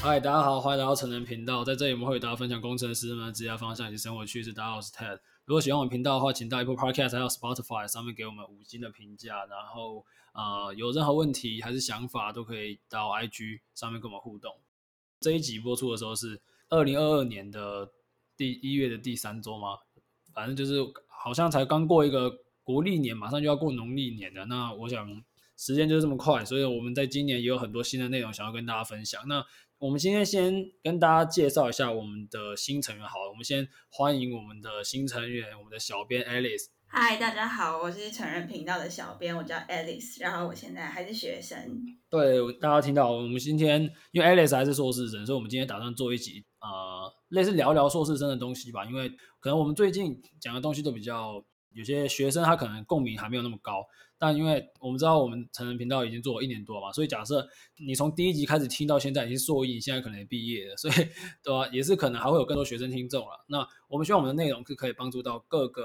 嗨，Hi, 大家好，歡迎來到程人頻道。在這裡，我們會和大家分享工程師們職業方向以及生活趣事。大家好，我是 Ted。如果喜歡我頻道的話，請到 Apple Podcast 還有 Spotify 上面給我們五星的評價。然後，呃，有任何問題還是想法，都可以到 IG 上面跟我們互動。這一集播出的時候是二零二二年的第一月的第三週嗎？反正就是好像才剛過一個國曆年，馬上就要過農曆年了。那我想時間就是這麼快，所以我們在今年也有很多新的內容想要跟大家分享。那我們今天先跟大家介紹一下我們的新成員，好了，我們先歡迎我們的新成員，我們的小編 Alice。嗨，大家好，我是程人頻道的小編，我叫 Alice，然後我現在還是學生。對，大家聽到我們今天，因為 Alice 還是碩士生，所以我們今天打算做一集，呃，類似聊聊碩士生的東西吧，因為可能我們最近講的東西都比較有些學生他可能共鳴還沒有那麼高。但因為我們知道我們程人頻道已經做了一年多了嘛，所以假設你從第一集開始聽到現在，已經是碩一，你現在可能也畢業了，所以對吧？也是可能還會有更多學生聽眾了。那我們希望我們的內容是可以幫助到各個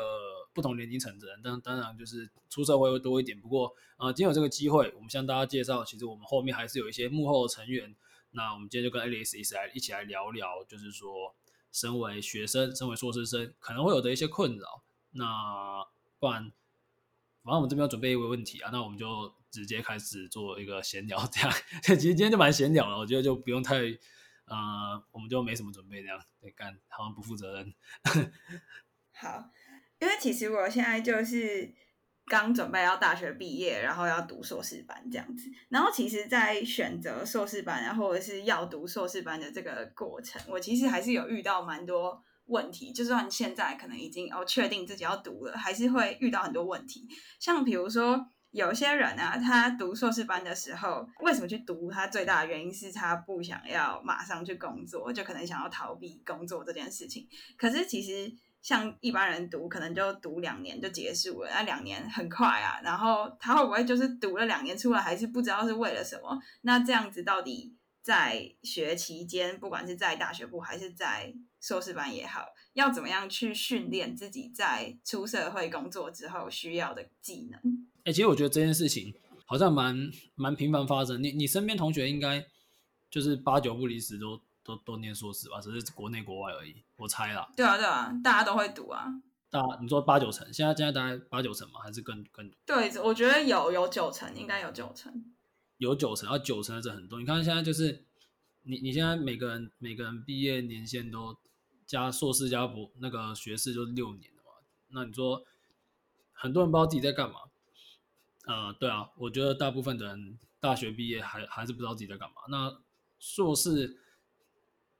不同年齡層的人，當當然就是出社會會多一點。不過啊、呃，今天有這個機會，我們向大家介紹，其實我們後面還是有一些幕後的成員。那我們今天就跟 Alice 一起來一起來聊聊，就是說身為學生，身為碩士生可能會有的一些困擾。那不然。反正我們這邊要準備一個問題啊，那我們就直接開始做一個閒聊，這樣其實今天就蠻閒聊了，我覺得就不用太，呃，我們就沒什麼準備這樣，對、哎、幹，好像不負責任。 好，因為其實我現在就是剛準備要大學畢業，然後要讀碩士班這樣子，然後其實，在選擇碩士班，然後或者是要讀碩士班的這個過程，我其實還是有遇到蠻多。問題就是說，你現在可能已經哦確定自己要讀了，還是會遇到很多問題。像比如說，有些人啊，他讀碩士班的時候，為什麼去讀？他最大的原因是他不想要馬上去工作，就可能想要逃避工作這件事情。可是其實像一般人讀，可能就讀兩年就結束了，那兩年很快啊。然後他會不會就是讀了兩年出來，還是不知道是為了什麼？那這樣子到底在學期間，不管是在大學部還是在。碩士班也好，要怎麼樣去訓練自己在出社會工作之後需要的技能？哎、欸，其實我覺得這件事情好像蠻蠻頻繁發生。你你身邊同學應該就是八九不離十都都都念碩士吧？只是國內國外而已，我猜啦。對啊對啊，大家都會讀啊。大、啊，你說八九成？現在現在大概八九成嘛，還是更更？對，我覺得有有九成，應該有九成。有九成，啊九成還是很多。你看現在就是你你現在每個人每個人畢業年限都加碩士加博那個學士就是六年的嘛？那你說很多人不知道自己在幹嘛？呃，對啊，我覺得大部分的人大學畢業還還是不知道自己在幹嘛。那碩士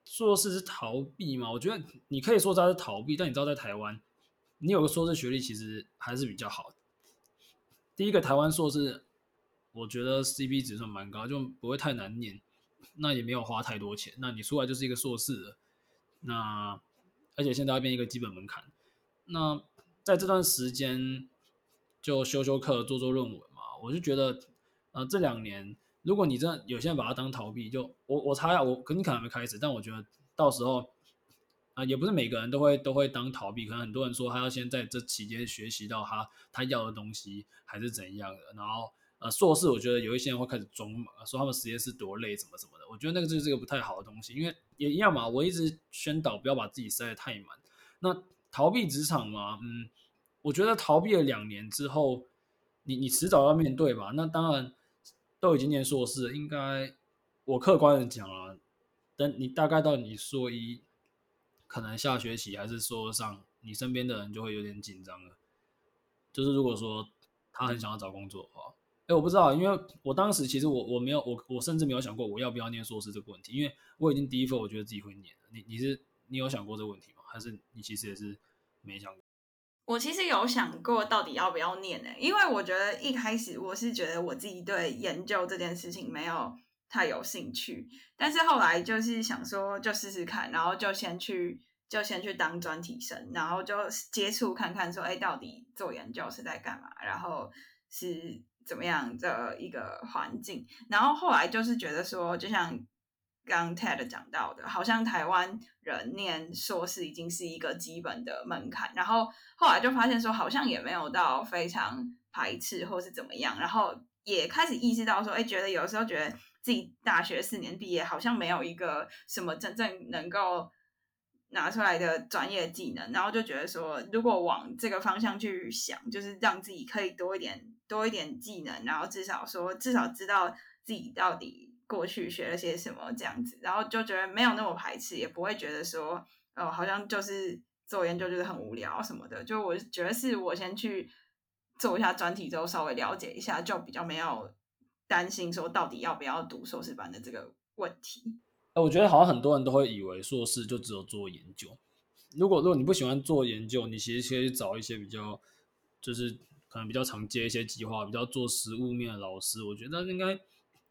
碩士是逃避嘛？我覺得你可以說他是逃避，但你知道在台灣，你有個碩士學歷其實還是比較好的。第一個台灣碩士，我覺得 CP 值算蠻高，就不會太難念，那也沒有花太多錢，那你出來就是一個碩士了。那，而且現在要變一個基本門檻。那在這段時間就修修課、做做論文嘛。我就覺得，呃，這兩年如果你真的有些人把它當逃避，就我我猜啊，我，我我肯定可能可能還沒開始，但我覺得到時候，啊、呃，也不是每個人都會都會當逃避，可能很多人說他要先在這期間學習到他他要的東西還是怎樣的，然後。呃，碩士，我覺得有一些人會開始裝嘛，說他們實驗室多累，怎麼怎麼的。我覺得那個就是一個不太好的東西，因為也一樣嘛。我一直宣導不要把自己塞的太滿。那逃避職場嘛，嗯，我覺得逃避了兩年之後，你你遲早要面對吧。那當然都已經念碩士，應該我客觀的講了，啊，等你大概到你碩一，可能下學期還是說上，你身邊的人就會有點緊張了。就是如果說他很想要找工作的話。嗯哎，我不知道，因為我當時其實我我沒有我我甚至沒有想過我要不要念碩士這個問題，因為我已經第一份我覺得自己會念了。你你是你有想過這個問題嗎？還是你其實也是沒想過？我其實有想過到底要不要念呢、欸？因為我覺得一開始我是覺得我自己對研究這件事情沒有太有興趣，但是後來就是想說就試試看，然後就先去就先去當專題生，然後就接觸看看說，哎，到底做研究是在幹嘛？然後是。怎麼樣的一個環境？然後後來就是覺得說，就像剛 Ted 講到的，好像台灣人念碩士已經是一個基本的門檻。然後後來就發現說，好像也沒有到非常排斥或是怎麼樣。然後也開始意識到說，哎，覺得有時候覺得自己大學四年畢業好像沒有一個什麼真正能夠拿出來的專業技能。然後就覺得說，如果往這個方向去想，就是讓自己可以多一點多一點技能，然後至少說，至少知道自己到底過去學了些什麼這樣子，然後就覺得沒有那麼排斥，也不會覺得說，呃，好像就是做研究就是很無聊什麼的。就我覺得是我先去做一下專題之後，稍微了解一下，就比較沒有擔心說到底要不要讀碩士班的這個問題。我覺得好像很多人都會以為碩士就只有做研究，如果如果你不喜歡做研究，你其實可以找一些比較就是。可能比較常接一些計劃，比較做實務面的老師，我覺得應該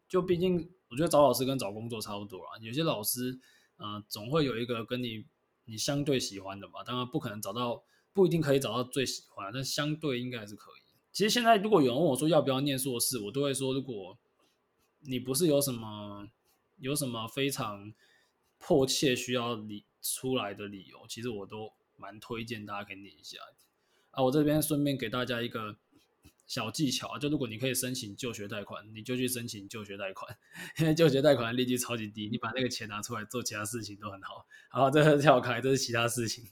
就畢竟，我覺得找老師跟找工作差不多啊，有些老師，呃，總會有一個跟你你相對喜歡的吧。當然不可能找到，不一定可以找到最喜歡，但相對應該還是可以。其實現在如果有人問我說要不要念碩士，我都會說，如果你不是有什麼有什麼非常迫切需要你出來的理由，其實我都蠻推薦大家可以念一下。啊，我這邊順便給大家一個小技巧啊，就如果你可以申請就學貸款，你就去申請就學貸款，因為就學貸款的利率超級低，你把那個錢拿出來做其他事情都很好。好，這是跳開，這是其他事情。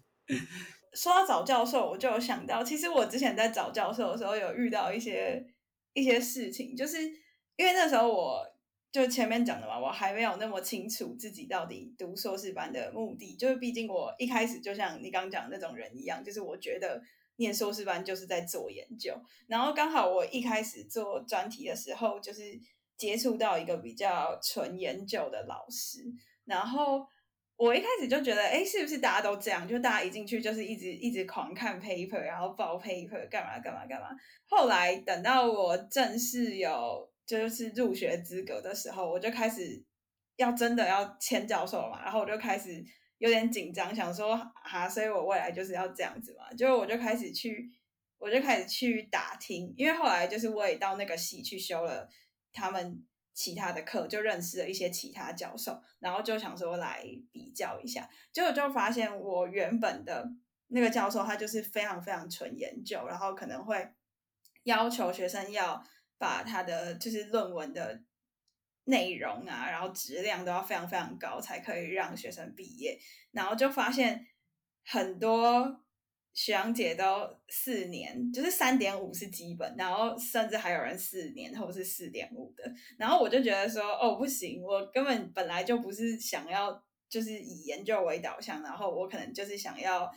說到找教授，我就有想到，其實我之前在找教授的時候，有遇到一些一些事情，就是因為那時候我就前面講的嘛，我還沒有那麼清楚自己到底讀碩士班的目的，就是畢竟我一開始就像你剛剛講那種人一樣，就是我覺得。念碩士班就是在做研究，然後剛好我一開始做專題的時候，就是接觸到一個比較純研究的老師，然後我一開始就覺得，哎，是不是大家都這樣？就大家一進去就是一直一直狂看 paper，然後報 paper，幹嘛幹嘛幹嘛。後來等到我正式有就是入學資格的時候，我就開始要真的要簽教授了嘛，然後我就開始。有點緊張，想說哈、啊，所以我未來就是要這樣子嘛，就我就開始去，我就開始去打聽，因為後來就是我也到那個系去修了他們其他的課，就認識了一些其他教授，然後就想說來比較一下，結果就發現我原本的那個教授他就是非常非常純研究，然後可能會要求學生要把他的就是論文的。內容啊，然後質量都要非常非常高，才可以讓學生畢業。然後就發現很多學長姐都四年，就是三點五是基本，然後甚至還有人四年或者是四點五的。然後我就覺得說，哦，不行，我根本本來就不是想要，就是以研究為導向，然後我可能就是想要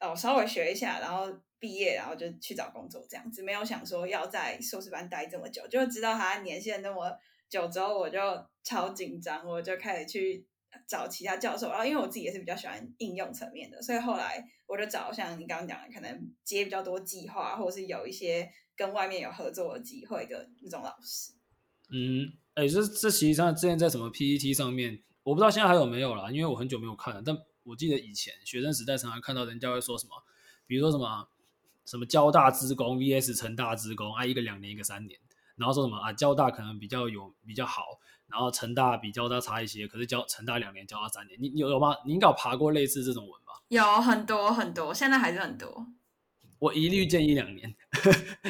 哦稍微學一下，然後畢業，然後就去找工作這樣子，沒有想說要在碩士班待這麼久，就知道他年限那麼，有時候我就超緊張，我就開始去找其他教授。然後因為我自己也是比較喜歡應用層面的，所以後來我就找像你剛剛講的，可能接比較多計劃，或者是有一些跟外面有合作的機會的那種老師。嗯，哎，這這實際上之前在什麼 PTT 上面，我不知道現在還有沒有了，因為我很久沒有看了。但我記得以前學生時代常，常常看到人家會說什麼，比如說什麼什麼交大資工 VS 成大資工，哎、啊，一個兩年，一個三年。然後說什麼啊？交大可能比較有比較好，然後成大比交大差一些。可是交成大兩年，交大三年。你有有嗎？你應該有爬過類似這種文嗎？有很多很多，現在還是很多。我一律建議兩年。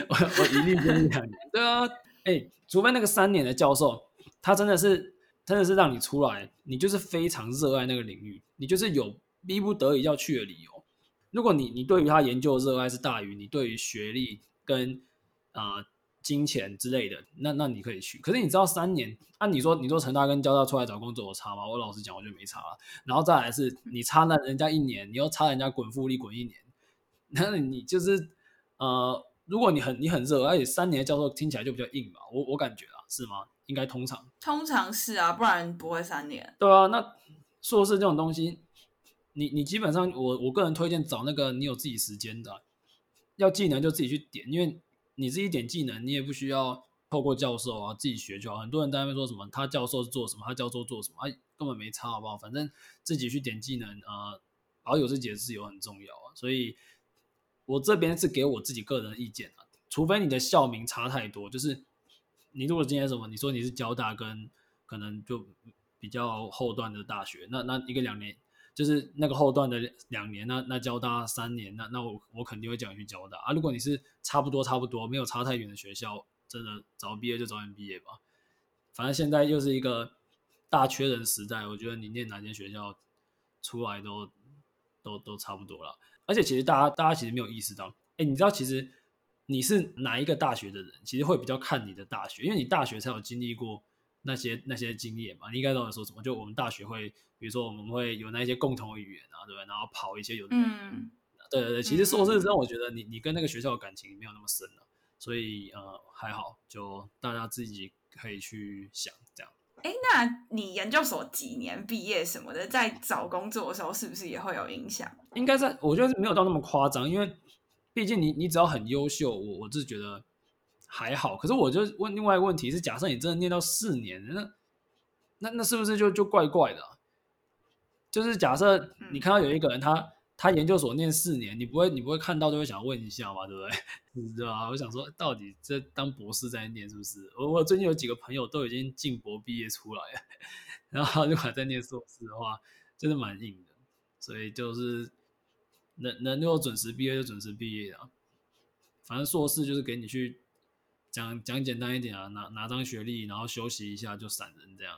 我我一律建議兩年。 對啊，哎、欸，除非那個三年的教授，他真的是真的是讓你出來，你就是非常熱愛那個領域，你就是有逼不得已要去的理由。如果你你對於他研究的熱愛是大於你對於學歷跟啊。呃金錢之類的，那那你可以去。可是你知道三年，啊你，你說你說成大跟交大出來找工作，有差嗎？我老實講，我覺得沒差了。然後再來是，你差了人家一年，你要差人家滾複利滾一年，那你就是呃，如果你很你很熱，而且三年的教授聽起來就比較硬吧？我我感覺啊，是嗎？應該通常，通常是啊，不然不會三年。對啊，那碩士這種東西，你你基本上我我個人推薦找那個你有自己時間的，要技能就自己去點，因為。你自己點技能，你也不需要透過教授啊，自己學就好。很多人在外面說什麼，他教授是做什麼，他教授做什麼，哎，根本沒差，好不好？反正自己去點技能啊，保有自己的自由很重要啊。所以，我這邊是給我自己個人意見啊，除非你的校名差太多，就是你如果今天什麼，你說你是交大跟可能就比較後段的大學，那那一個兩年。就是那個後段的兩年呢，那交大三年，那那我我肯定會叫你去交大啊。如果你是差不多差不多沒有差太遠的學校，真的早畢業就早點畢業吧。反正現在又是一個大缺人時代，我覺得你念哪間學校出來都都都差不多了。而且其實大家大家其實沒有意識到，哎、欸，你知道其實你是哪一個大學的人，其實會比較看你的大學，因為你大學才有經歷過那些那些經驗嘛，你應該都有說什麼？就我們大學會，比如說我們會有那些共同語言啊，對不對？然後跑一些有，嗯，對對對。其實說真的，我覺得你你跟那個學校的感情沒有那麼深了、啊，所以呃還好，就大家自己可以去想這樣。哎、欸，那你研究所幾年畢業什麼的，在找工作的時候是不是也會有影響？應該在，我覺得沒有到那麼誇張，因為畢竟你你只要很優秀，我我是覺得。還好，可是我就問另外一個問題是：假設，你真的念到四年，那那那是不是就就怪怪的啊？就是假設你看到有一個人他，他他研究所念四年，你不會你不會看到就會想問一下嘛？對不對？對吧？我想說，到底這當博士在念是不是？我我最近有幾個朋友都已經進博畢業出來，然後就還在念碩士的話，真的就是蠻硬的。所以就是能能夠準時畢業就準時畢業啊，反正碩士就是給你去。講講簡單一點啊，拿拿張學歷，然後休息一下就閃人，這樣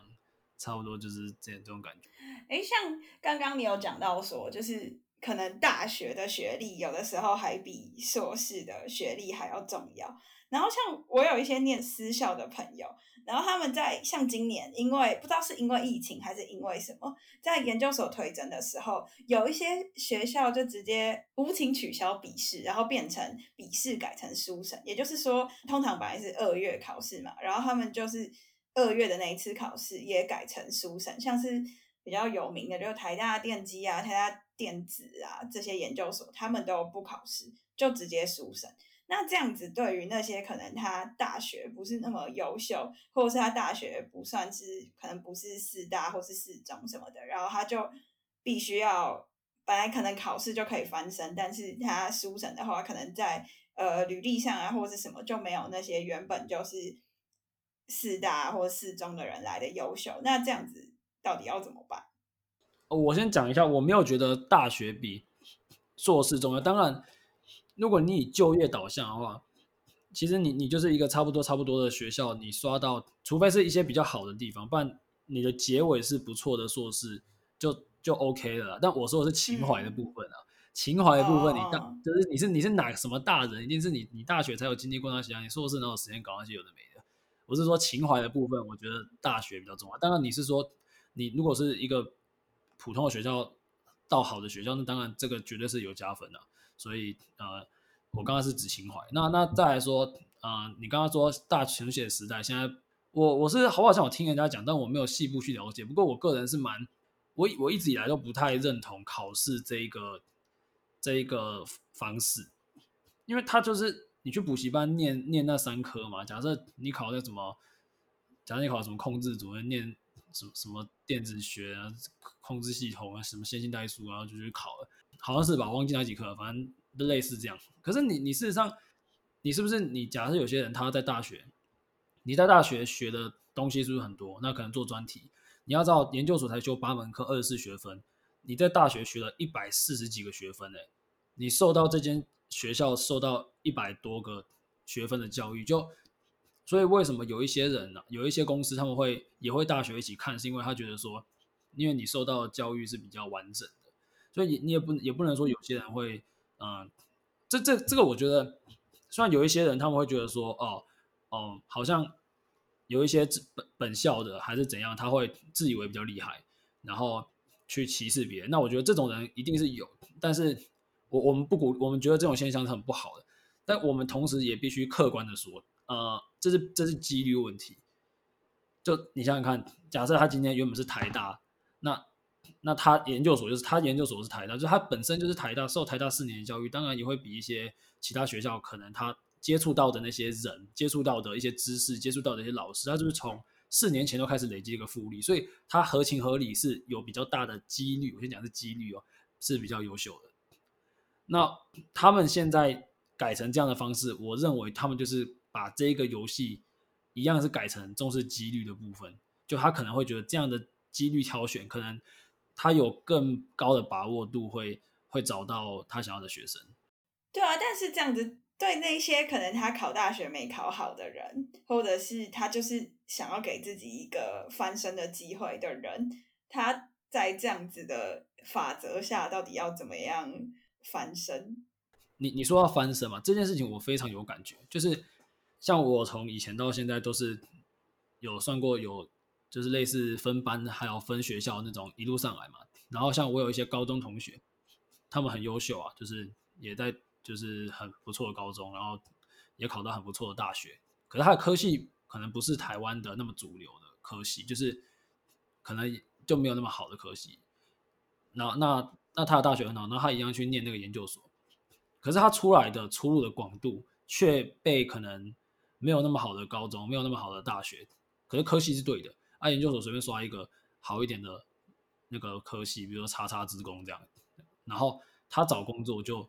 差不多就是這種感覺。哎，像剛剛你有講到說，就是可能大學的學歷有的時候還比碩士的學歷還要重要。然後像我有一些念私校的朋友，然後他們在像今年，因為不知道是因為疫情還是因為什麼，在研究所推甄的時候，有一些學校就直接無情取消筆試，然後變成筆試改成書審，也就是說，通常本來是二月考試嘛，然後他們就是二月的那一次考試也改成書審，像是比較有名的，就台大電機啊、台大電子啊這些研究所，他們都不考試，就直接書審。那這樣子，對於那些可能他大學不是那麼優秀，或者是他大學不算是可能不是四大或是四中什麼的，然後他就必須要本來可能考試就可以翻身，但是他書審的話，可能在呃履歷上啊或是什麼就沒有那些原本就是四大或四中的人來的優秀。那這樣子到底要怎麼辦？我先講一下，我沒有覺得大學比碩士重要，當然。如果你以就業導向的話，其實你你就是一個差不多差不多的學校，你刷到，除非是一些比較好的地方，不然你的結尾是不錯的碩士就就 OK 了。但我說的是情懷的部分啊，嗯、情懷的部分你，你大、Oh. 就是你是你是哪什麼大人？一定是你你大學才有經歷過那些啊，你碩士能有時間搞那些有的沒的？我是說情懷的部分，我覺得大學比較重要。當然你是說你如果是一個普通的學校到好的學校，那當然這個絕對是有加分的。所以呃，我剛剛是指情懷。那那再來說，呃，你剛剛說大求學時代，現在我我是好不好？像我聽人家講，但我沒有細部去了解。不過我個人是蠻，我我一直以來都不太認同考試這一個這一個方式，因為他就是你去補習班念念那三科嘛。假設你考那什麼，假設你考什麼控制組，要念什麼什麼電子學啊、控制系統啊、什麼線性代數，然後就去考了。好像是吧，忘記哪幾科，反正類似這樣。可是你，你事實上，你是不是你？假設有些人他在大學，你在大學學的東西是不是很多？那可能做專題，你要知道研究所才修八門課二十四學分，你在大學學了一百四十幾個學分誒、欸，你受到這間學校受到一百多個學分的教育，就所以為什麼有一些人呢、啊？有一些公司他們會也會大學一起看，是因為他覺得說，因為你受到的教育是比較完整。所以你也不也不能說有些人會，嗯、呃，這這這個我覺得，雖然有一些人他們會覺得說，哦哦，好像有一些本本校的還是怎樣，他會自以為比較厲害，然後去歧視別人。那我覺得這種人一定是有，但是我我們不鼓，我們覺得這種現象是很不好的。但我們同時也必須客觀的說，呃，這是這是機率問題。就你想想看，假設他今天原本是台大，那。那他研究所就是他研究所是台大，就他本身就是台大，受台大四年的教育，當然也會比一些其他學校可能他接觸到的那些人，接觸到的一些知識，接觸到的一些老師，他就是從四年前就開始累積一個複利，所以他合情合理是有比較大的幾率。我先講是幾率哦，是比較優秀的。那他們現在改成這樣的方式，我認為他們就是把這個遊戲一樣是改成重視幾率的部分，就他可能會覺得這樣的幾率挑選可能。他有更高的把握度會，會會找到他想要的學生。對啊，但是這樣子對那些可能他考大學沒考好的人，或者是他就是想要給自己一個翻身的機會的人，他在這樣子的法則下，到底要怎麼樣翻身？你你說要翻身嘛，這件事情我非常有感覺，就是像我從以前到現在都是有算過有。就是類似分班，還有分學校那種一路上來嘛。然後像我有一些高中同學，他們很優秀啊，就是也在就是很不錯的高中，然後也考到很不錯的大學。可是他的科系可能不是台灣的那麼主流的科系，就是可能就沒有那麼好的科系。那那那他的大學很好，那他一樣去念那個研究所。可是他出來的出路的廣度卻被可能沒有那麼好的高中，沒有那麼好的大學，可是科系是對的。愛、啊、研究所隨便刷一個好一點的那個科系，比如說叉叉資工這樣，然後他找工作就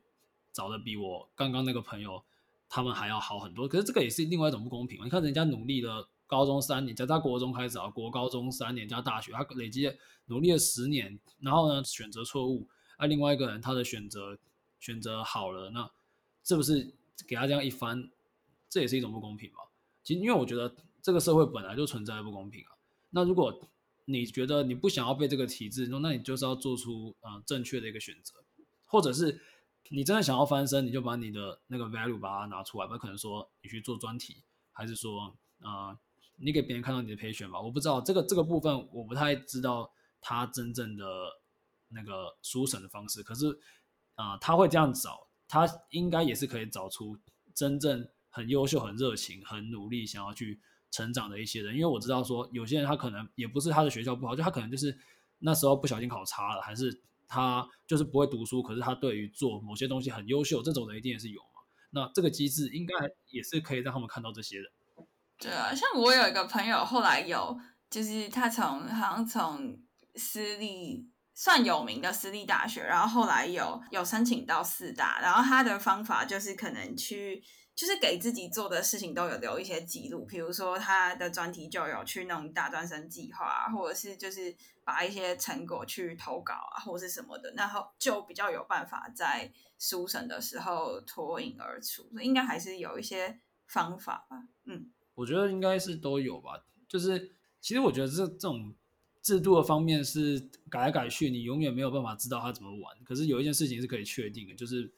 找得比我剛剛那個朋友他們還要好很多。可是這個也是另外一種不公平嘛？你看人家努力了高中三年，加他國中開始啊，國高中三年加大學，他累積努力了十年，然後呢，選擇錯誤，啊，另外一個人他的選擇選擇好了，那這不是給他這樣一番，這也是一種不公平嘛？其實因為我覺得這個社會本來就存在不公平啊。那如果你覺得你不想要被這個體制中，那你就是要做出啊、呃、正確的一個選擇，或者是你真的想要翻身，你就把你的那個 value 把它拿出來，不可能說你去做專題，還是說啊、呃、你給別人看到你的培訓吧。我不知道這個這個部分我不太知道他真正的那個書審的方式，可是啊、呃、他會這樣找，他應該也是可以找出真正很優秀、很熱情、很努力想要去成長的一些人，因為我知道說有些人他可能也不是他的學校不好，就他可能就是那時候不小心考差了，還是他就是不會讀書，可是他對於做某些東西很優秀，這種人一定也是有嘛。那這個機制應該也是可以讓他們看到這些的。對啊，像我有一個朋友，後來有就是他從好像從私立算有名的私立大學，然後後來有有申請到四大，然後他的方法就是可能去。就是給自己做的事情都有留一些記錄，比如說他的專題就有去弄大專生計劃啊，或者是就是把一些成果去投稿啊，或者是什麼的，然後就比較有辦法在書審的時候脫穎而出。所以應該還是有一些方法吧，嗯，我覺得應該是都有吧。就是其實我覺得這這種制度的方面是改來改去，你永遠沒有辦法知道它怎麼玩。可是有一件事情是可以確定的，就是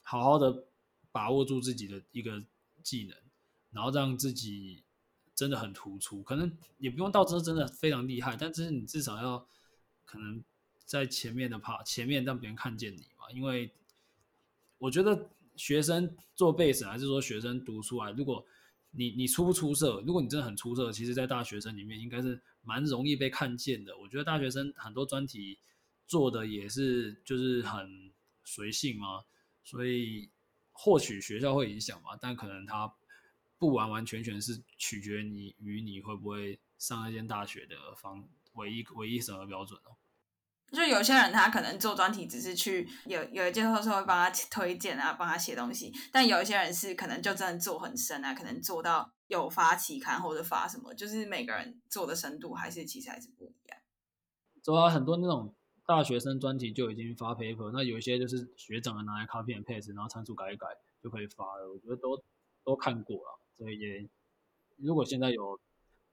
好好的。把握住自己的一個技能，然後讓自己真的很突出，可能也不用到這真的非常厲害，但這是你至少要可能在前面的怕，前面讓別人看見你嘛。因為我覺得學生做背 e 還是說學生讀出來，如果你你出不出色，如果你真的很出色，其實，在大學生裡面應該是蠻容易被看見的。我覺得大學生很多專題做的也是就是很隨性嘛，所以。或許學校會影響吧，但可能他不完完全全是取決於你與你會不會上那間大學的方唯一唯一審核標準哦、喔。就有些人他可能做專題只是去有有一間教授會幫他推薦啊，幫他寫東西，但有一些人是可能就真的做很深啊，可能做到有發期刊或者發什麼，就是每個人做的深度還是其實還是不一樣。做了很多那種。大學生專題就已經發 paper，那有一些就是學長的拿來 copy and paste，然後參數改一改就可以發了。我覺得都都看過了，所以也如果現在有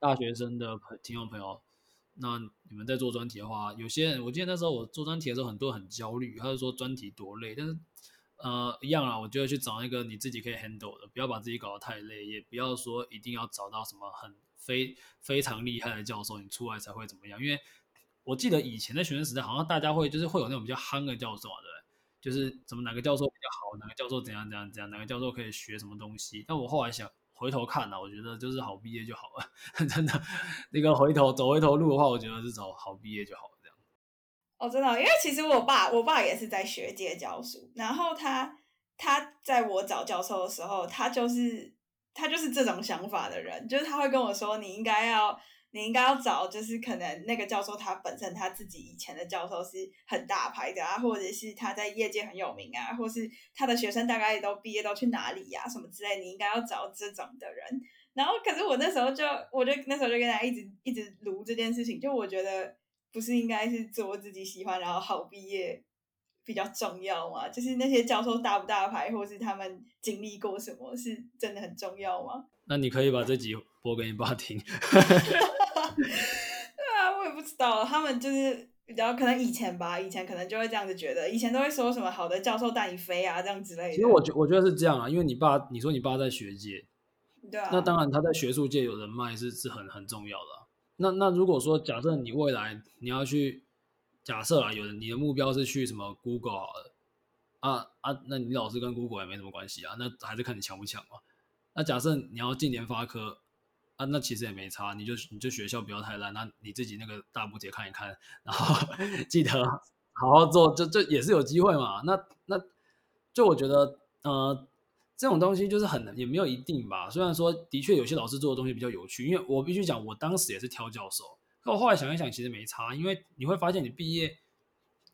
大學生的聽眾朋友，那你們在做專題的話，有些人我記得那時候我做專題的時候，很多很焦慮，他就說專題多累。但是呃一樣啊，我覺得去找一個你自己可以 handle 的，不要把自己搞得太累，也不要說一定要找到什麼很非非常厲害的教授，你出來才會怎麼樣，因為。我記得以前的學生時代，好像大家會就是會有那種比較夯的教授啊，對，就是什麼哪個教授比較好，哪個教授怎樣怎樣怎樣，哪個教授可以學什麼東西。但我後來想回頭看了、啊，我覺得就是好畢業就好了， 真的。那個回頭走回頭路的話，我覺得是走好畢業就好了哦，真的，哦，因為其實我爸我爸也是在學界教書，然後他他在我找教授的時候，他就是他就是這種想法的人，就是他會跟我說你應該要。你應該要找，就是可能那個教授，他本身他自己以前的教授是很大牌的啊，或者是他在業界很有名啊，或是他的學生大概都畢業到去哪裡呀、啊，什麼之類，你應該要找這種的人。然後，可是我那時候就，我就那時候就跟他一直一直盧這件事情，就我覺得不是應該是做自己喜歡，然後好畢業比較重要嗎？就是那些教授大不大牌，或是他們經歷過什麼是真的很重要嗎？那你可以把這集播給你爸聽 對、啊。對啊，我也不知道，他們就是，比較可能以前吧，以前可能就會這樣子覺得，以前都會說什麼好的教授帶你飛啊這樣之類的。其實我覺我覺得是這樣啊，因為你爸，你說你爸在學界，對啊，那當然他在學術界有人脈是是很很重要的、啊。那那如果說假設你未來你要去，假設啊，有人你的目標是去什麼 Google 啊啊，那你老師跟 Google 也沒什麼關係啊，那還是看你強不強啊。那假設你要進聯發科，啊，那其實也沒差，你就你就學校不要太爛，那你自己那個大補帖看一看，然後記得好好做，就這也是有機會嘛。那那就我覺得，呃，這種東西就是很也沒有一定吧。雖然說的確有些老師做的東西比較有趣，因為我必須講，我當時也是挑教授，那我後來想一想，其實沒差，因為你會發現你畢業，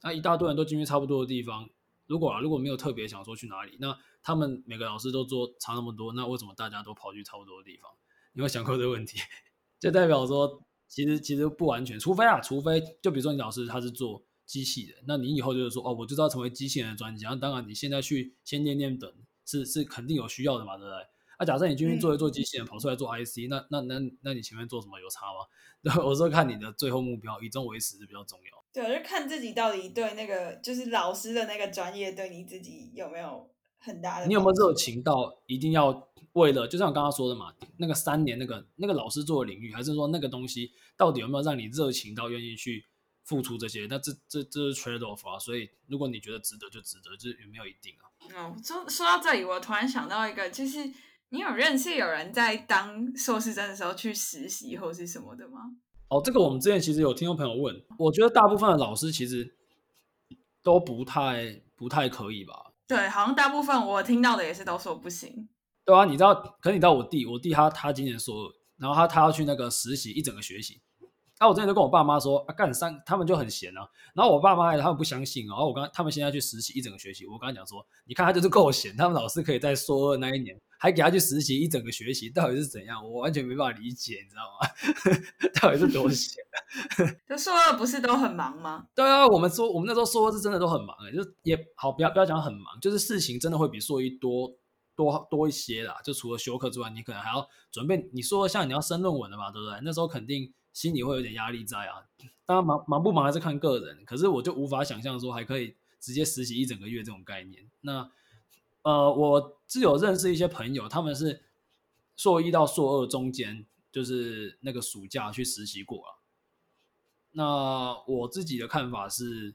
那、啊、一大堆人都進去差不多的地方。如果、啊、如果沒有特別想說去哪裡，那他們每個老師都做差那麼多，那為什麼大家都跑去差不多的地方？你有沒有想過這個問題？ 就代表說，其實其實不完全，除非啊，除非就比如說你老師他是做機器人的，那你以後就是說哦，我就知道成為機器人的專家、啊。當然，你現在去先念念本是是肯定有需要的嘛，對不對？啊，假設你今天做一做機器人，跑出來做 IC，、嗯、那那那那你前面做什麼有差嗎？對、嗯，我說看你的最後目標，嗯、以終為始是比較重要。對，就看自己到底對那個就是老師的那個專業對你自己有沒有。很大的，你有沒有熱情到一定要為了？就像我剛剛說的嘛，那個三年那個那個老師做的領域，還是說那個東西到底有沒有讓你熱情到願意去付出這些？那這這這、就是 trade off 啊。所以如果你覺得值得，就值得，這、就是、有沒有一定啊？哦，說說到這裡，我突然想到一個，就是你有認識有人在當碩士生的時候去實習或是什麼的嗎？哦，這個我們之前其實有聽眾朋友問，我覺得大部分的老師其實都不太不太可以吧。對，好像大部分我聽到的也是都說不行。對啊，你知道？可是你知道我弟，我弟他他今年碩二，然後他他要去那個實習一整個學習。那、啊、我之前就跟我爸媽說，啊、干三，他們就很閒啊。然後我爸媽他們不相信啊。然後我剛，他們現在去實習一整個學習，我剛才講說，你看他就是夠閒，他們老師可以在碩二那一年，還給他去實習一整個學習，到底是怎樣？我完全沒辦法理解，你知道嗎？ 到底是多閒啊？ 就碩二不是都很忙嗎？對啊，我們碩我們那時候碩二是真的都很忙，欸，就也好不要不要講很忙，就是事情真的會比碩一多多多一些啦。就除了修課之外，你可能還要準備。你說像你要升論文的嘛，對不對？那時候肯定心裡會有點壓力在啊。當然忙忙不忙還是看個人，可是我就無法想象說還可以直接實習一整個月這種概念。那。呃，我自有認識一些朋友，他們是碩一到碩二中間，就是那個暑假去實習過了啊。那我自己的看法是，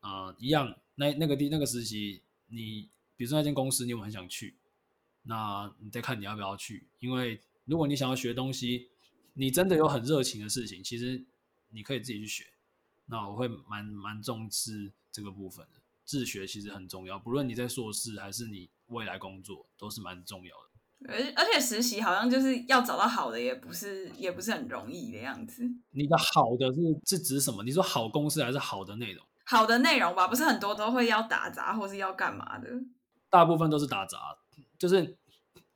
呃，一樣，那那個地那個實習，你比如說那間公司你有沒有很想去，那你再看你要不要去。因為如果你想要學東西，你真的有很熱情的事情，其實你可以自己去學。那我會蠻蠻重視這個部分的。自學其實很重要，不論你在碩士還是你未來工作，都是蠻重要的。而而且實習好像就是要找到好的，也不是、嗯、也不是很容易的樣子。你的好的是是指什麼？你說好公司還是好的內容？好的內容吧，不是很多都會要打雜或是要幹嘛的。大部分都是打雜，就是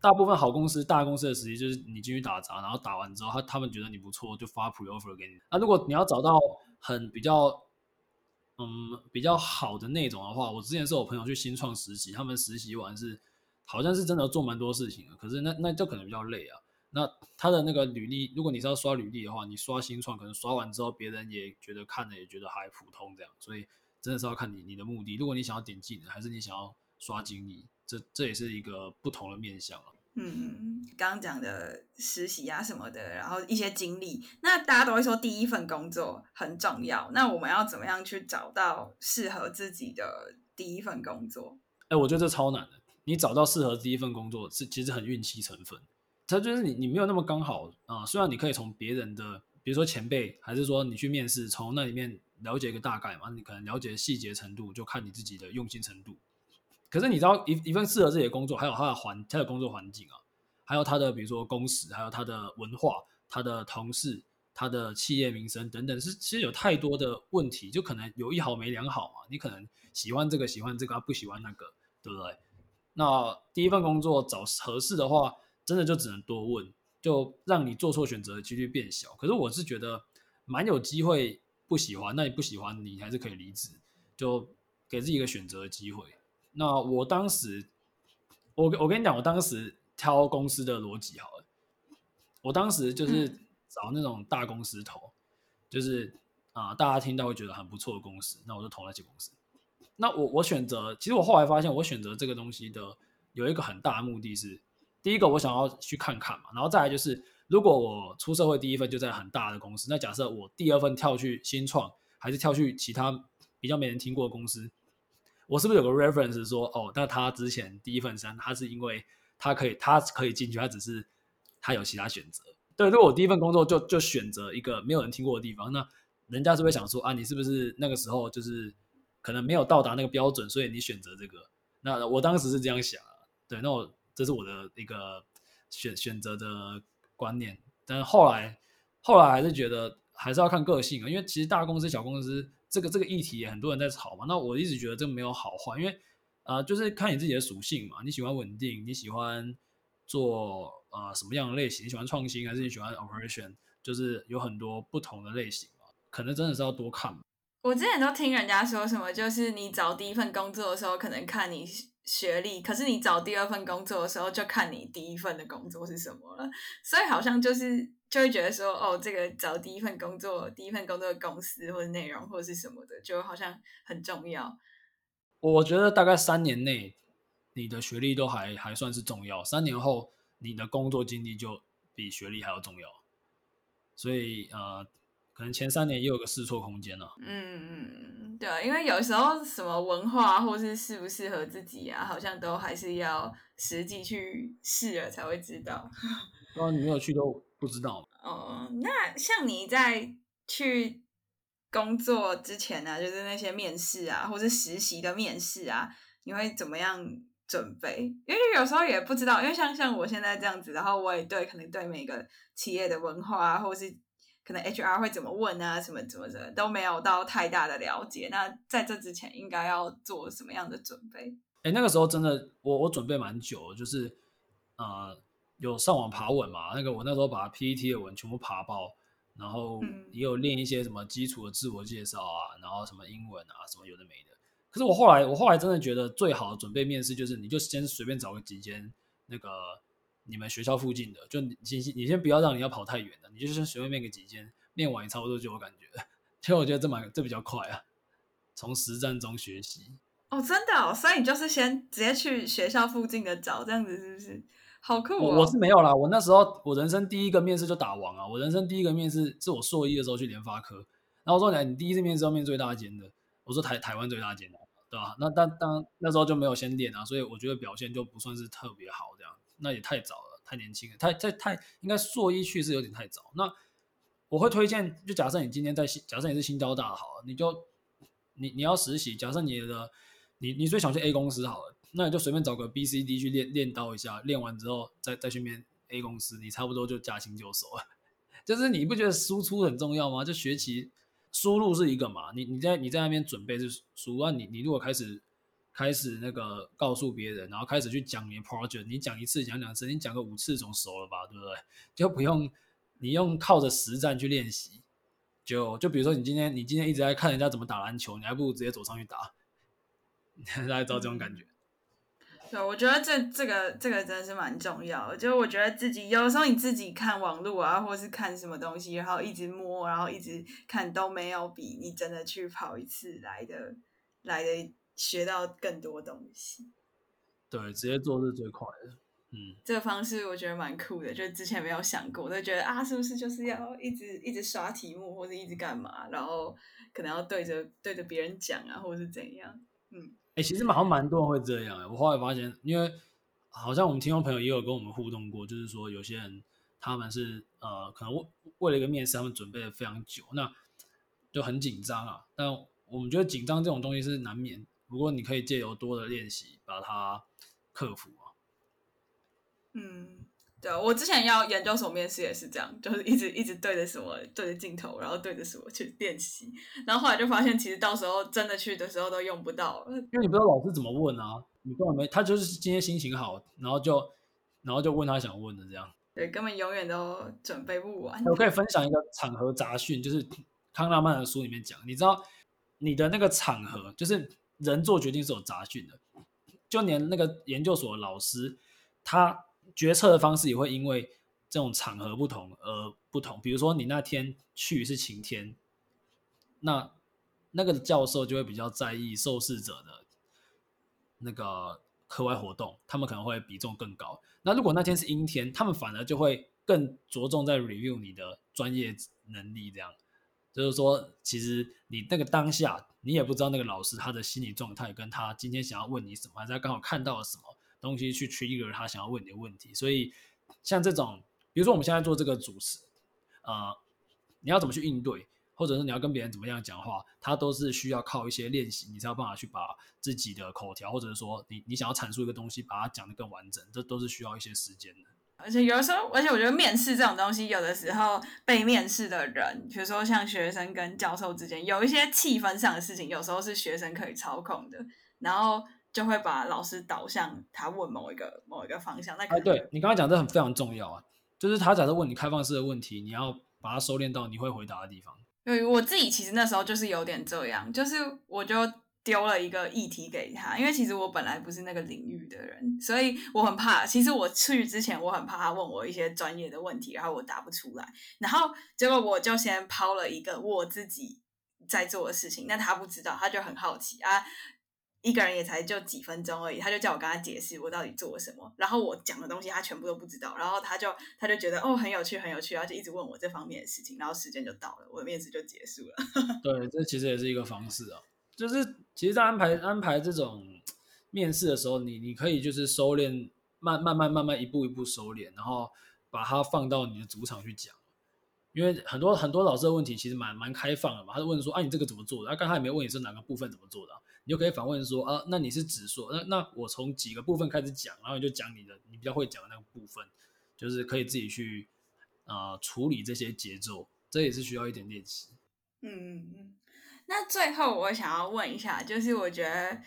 大部分好公司大公司的實習，就是你進去打雜，然後打完之後，他他們覺得你不錯，就發 pre-offer 給你。那、啊、如果你要找到很比較。嗯，比較好的那種的話，我之前是我朋友去新創實習，他們實習完是，好像是真的做蠻多事情的，可是那那就可能比較累啊。那他的那個履歷，如果你是要刷履歷的話，你刷新創，可能刷完之後別人也覺得看着也覺得還普通這樣，所以真的是要看你你的目的，如果你想要點技能，還是你想要刷經歷，這這也是一個不同的面向啊。嗯，剛剛講的實習啊什麼的，然後一些經歷，那大家都會說第一份工作很重要。那我們要怎麼樣去找到適合自己的第一份工作？哎、欸，我覺得這超難的。你找到適合第一份工作是其實很運氣成分，它就是你你沒有那麼剛好啊、嗯。雖然你可以從別人的，比如說前輩，還是說你去面試，從那裡面了解一個大概嘛，你可能了解細節程度就看你自己的用心程度。可是你知道一，一一份適合自己的工作，還有他的環，他的工作環境啊，還有他的比如說公司，還有他的文化、他的同事、他的企業名聲等等，是其實有太多的問題，就可能有一好沒兩好啊，你可能喜歡這個，喜歡這個、啊，不喜歡那個，對不對？那第一份工作找合適的話，真的就只能多問，就讓你做錯選擇的幾率變小。可是我是覺得蠻有機會不喜歡，那你不喜歡，你還是可以離職，就給自己一個選擇的機會。那我當時，我我跟你講，我當時挑公司的邏輯好了，我當時就是找那種大公司投，就是啊、呃，大家聽到會覺得很不錯的公司，那我就投了這個公司。那我我選擇，其實我後來發現，我選擇這個東西的有一個很大的目的是，第一個我想要去看看嘛，然後再來就是，如果我出社會第一份就在很大的公司，那假設我第二份跳去新創，還是跳去其他比較沒人聽過的公司。我是不是有個 reference 說，哦，那他之前第一份三，他是因為他可以，他可以進去，他只是他有其他選擇。對，如果我第一份工作就就選擇一個沒有人聽過的地方，那人家是不是想說啊，你是不是那個時候就是可能沒有到達那個標準，所以你選擇這個？那我當時是這樣想，對，那我這是我的一個選選擇的觀念。但是後來後來還是覺得還是要看個性啊，因為其實大公司、小公司。這個這個議題也很多人在吵嘛，那我一直覺得這個沒有好壞，因為啊、呃，就是看你自己的屬性嘛。你喜歡穩定，你喜歡做啊、呃、什麼樣的類型？你喜歡創新，還是你喜歡 operation？就是有很多不同的類型嘛，可能真的是要多看。我之前都聽人家說什麼，就是你找第一份工作的時候，可能看你學歷；可是你找第二份工作的時候，就看你第一份的工作是什麼了。所以好像就是。就會覺得說，哦，這個找第一份工作，第一份工作的公司或者內容或者是什麼的，就好像很重要。我覺得大概三年內，你的學歷都還還算是重要。三年後，你的工作經歷就比學歷還要重要。所以，呃，可能前三年也有個試錯空間呢。嗯嗯對對啊，因為有時候什麼文化啊，或是適不適合自己啊，好像都還是要實際去試了才會知道。那 你沒有去過？不知道哦，oh, 那像你在去工作之前呢、啊，就是那些面試啊，或是實習的面試啊，你會怎麼樣準備？因為有時候也不知道，因為像像我現在這樣子，然後我也對可能對每個企業的文化啊，或是可能 H R 會怎麼問啊，什麼怎麼的都沒有到太大的了解。那在這之前應該要做什麼樣的準備？哎、欸，那個時候真的我我準備蠻久，就是呃。有上網爬文嘛？那個我那時候把 PPT 的文全部爬爆，然後也有練一些什麼基礎的自我介紹啊，然後什麼英文啊，什麼有的沒的。可是我後來，我後來真的覺得最好的準備面試就是，你就先隨便找個幾間那個你們學校附近的，就你，你先不要讓你要跑太遠的，你就先隨便面個幾間，面完也差不多就有感覺，其實我覺得這蠻這比較快啊，從實戰中學習。哦，真的哦，所以你就是先直接去學校附近的找，這樣子是不是？好、哦、我我是沒有啦，我那時候我人生第一個面試就打王啊！我人生第一個面試是我碩一的時候去聯發科，然後我說你、欸、你第一次面試要面最大間的，我說台台灣最大間的，對吧、啊？那當當那時候就沒有先練啊，所以我覺得表現就不算是特別好這樣。那也太早了，太年輕了，太太太應該碩一去是有點太早。那我會推薦，就假設你今天在新，假設你是新交大好，你就你你要實習，假設你的你你最想去 A 公司好了。那你就隨便找個 B、C、D 去練練刀一下，練完之後再再去面 A 公司，你差不多就駕輕就熟了。就是你不覺得輸出很重要嗎？就學習輸入是一個嘛？你你在你在那邊準備是輸，啊？你你如果開始開始那個告訴別人，然後開始去講你 project，你講一次，講兩次，你講個五次總熟了吧？對不對？就不用你用靠着實戰去練習，就就比如說你今天你今天一直在看人家怎麼打籃球，你還不如直接走上去打，你 大家知道這種感覺。嗯對，我覺得這這個這個真的是蠻重要的。就是我覺得自己有時候你自己看網路啊，或者是看什麼東西，然後一直摸，然後一直看，都沒有比你真的去跑一次來的來的學到更多東西。對，直接做是最快的。嗯，這個方式我覺得蠻酷的，就之前沒有想過，就覺得啊，是不是就是要一直一直刷題目，或者一直幹嘛，然後可能要對着對着別人講啊，或者是怎樣，嗯。欸、其實好像蠻多人會這樣。欸、我後來發現，因為好像我們聽眾朋友也有跟我們互動過，就是說有些人他們是呃，可能為了一個面試，他們準備了非常久，那就很緊張啊。但我們覺得緊張這種東西是難免，不過你可以借由多的練習把它克服啊。嗯。對，我之前要研究所面試也是這樣，就是一直一直對着什麼對着鏡頭，然後對着什麼去練習，然後後來就發現，其實到時候真的去的時候都用不到，因為你不知道老師怎麼問啊，你根本沒他就是今天心情好，然後就然後就問他想問的這樣，對，根本永遠都準備不完。我可以分享一個場合雜訊，就是康納曼的書裡面講，你知道你的那個場合，就是人做決定是有雜訊的，就連那個研究所的老師他。決策的方式也會因為這種場合不同而不同。比如說，你那天去是晴天，那那個教授就會比較在意受試者的那個課外活動，他們可能會比重更高。那如果那天是陰天，他們反而就會更着重在 review 你的專業能力。這樣就是說，其實你那個當下，你也不知道那個老師他的心理狀態，跟他今天想要問你什麼，還是他剛好看到了什麼。東西去去一個他想要問你的問題，所以像這種，比如說我們現在做這個主持，呃，你要怎麼去應對，或者是你要跟別人怎麼樣講話，他都是需要靠一些練習，你才有辦法去把自己的口條，或者說你你想要闡述一個東西，把它講得更完整，這都是需要一些時間的。而且有的時候，而且我覺得面試這種東西，有的時候被面試的人，比如說像學生跟教授之間，有一些氣氛上的事情，有時候是學生可以操控的，然後。就會把老師導向他問某一個某一個方向。那可能哎，對，對你剛剛講這很非常重要啊，就是他假設問你開放式的問題，你要把它收斂到你會回答的地方。對，我自己其實那時候就是有點這樣，就是我就丟了一個議題給他，因為其實我本來不是那個領域的人，所以我很怕。其實我去之前，我很怕他問我一些專業的問題，然後我答不出來。然後結果我就先拋了一個我自己在做的事情，那他不知道，他就很好奇啊。一個人也才就幾分鐘而已，他就叫我跟他解釋我到底做了什麼，然後我講的東西他全部都不知道，然後他就他就覺得哦很有趣很有趣，然後就一直問我這方面的事情，然後時間就到了，我的面試就結束了。對，這其實也是一個方式啊，嗯、就是其實，在安排安排這種面試的時候，你你可以就是收斂，慢慢慢慢一步一步收斂，然後把它放到你的主場去講，因為很多很多老師的問題其實蠻蠻開放的嘛，他就問說哎、啊，你這個怎麼做的，他、啊、剛才也沒有問你是哪個部分怎麼做的、啊。你就可以反問說啊，那你是指說那那我從幾個部分開始講？然後你就講你的，你比較會講的那個部分，就是可以自己去啊、呃、處理這些節奏，這也是需要一點練習。嗯嗯，那最後我想要問一下，就是我覺得